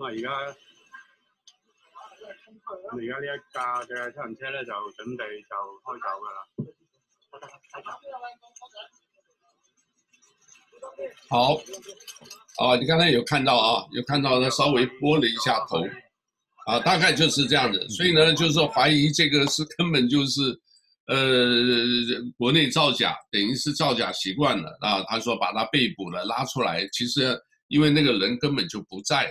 咁啊！而家，而家呢一架嘅七輪車咧，就準備就開走噶啦。好，啊，你剛剛有看到啊，有看到呢，稍微撥了一下頭，啊，大概就是這樣子。所以呢，就是說懷疑這個是根本就是，呃，國內造假，等於是造假習慣了啊，他話把他被捕了，拉出來，其實因為那個人根本就不在。